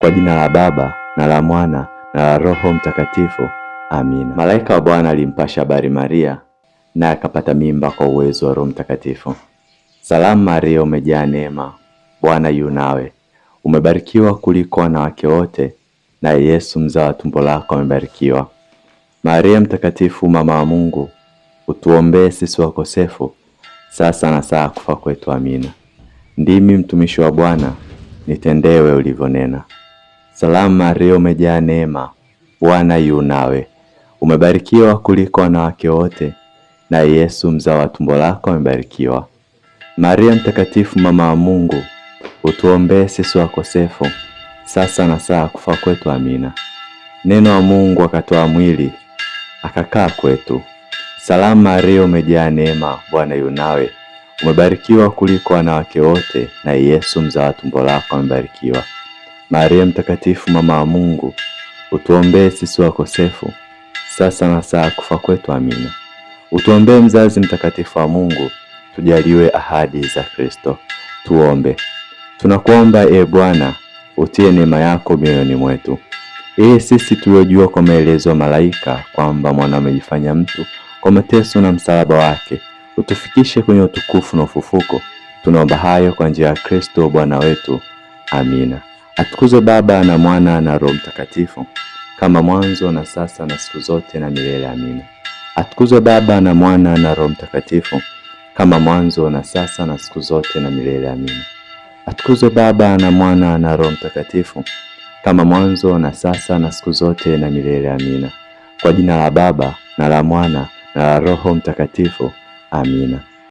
Kwa jina la Baba na la Mwana na la Roho Mtakatifu, amina. Malaika wa Bwana alimpasha habari Maria, naye akapata mimba kwa uwezo wa Roho Mtakatifu. Salamu Maria, umejaa neema, Bwana yu nawe, umebarikiwa kuliko wanawake wote, na Yesu mzao wa tumbo lako amebarikiwa. Maria Mtakatifu, mama wa Mungu, utuombee sisi wakosefu, sasa na saa kufa kwetu. Amina. Ndimi mtumishi wa Bwana, nitendewe ulivyonena. Salamu Maria, umejaa neema, Bwana yu nawe, umebarikiwa kuliko wanawake wote, na Yesu mzao wa tumbo lako amebarikiwa. Maria Mtakatifu, mama wa Mungu, utuombee sisi wakosefu, sasa na saa kufa kwetu. Amina. Neno wa Mungu akatoa mwili akakaa kwetu. Salamu Maria, umejaa neema, Bwana yu nawe, umebarikiwa kuliko wanawake wote, na Yesu mzao wa tumbo lako amebarikiwa. Maria Mtakatifu, mama wa Mungu, utuombee sisi wakosefu, sasa na saa kufa kwetu. Amina. Utuombee mzazi mtakatifu wa Mungu, tujaliwe ahadi za Kristo. Tuombe. Tunakuomba e Bwana, utie neema yako mioyoni mwetu, ili sisi tuliojua kwa maelezo ya malaika kwamba mwana amejifanya mtu kwa mateso na msalaba wake, utufikishe kwenye utukufu na ufufuko. Tunaomba hayo kwa njia ya Kristo Bwana wetu. Amina. Atukuzwe Baba na Mwana na Roho Mtakatifu, kama mwanzo na sasa na siku zote na milele. Amina. Atukuzwe Baba na Mwana na Roho Mtakatifu, kama mwanzo na sasa na siku zote na milele. Amina. Atukuzwe Baba na Mwana na Roho Mtakatifu, kama mwanzo na sasa na siku zote na milele. Amina. Kwa jina la Baba na la Mwana na la Roho Mtakatifu. Amina.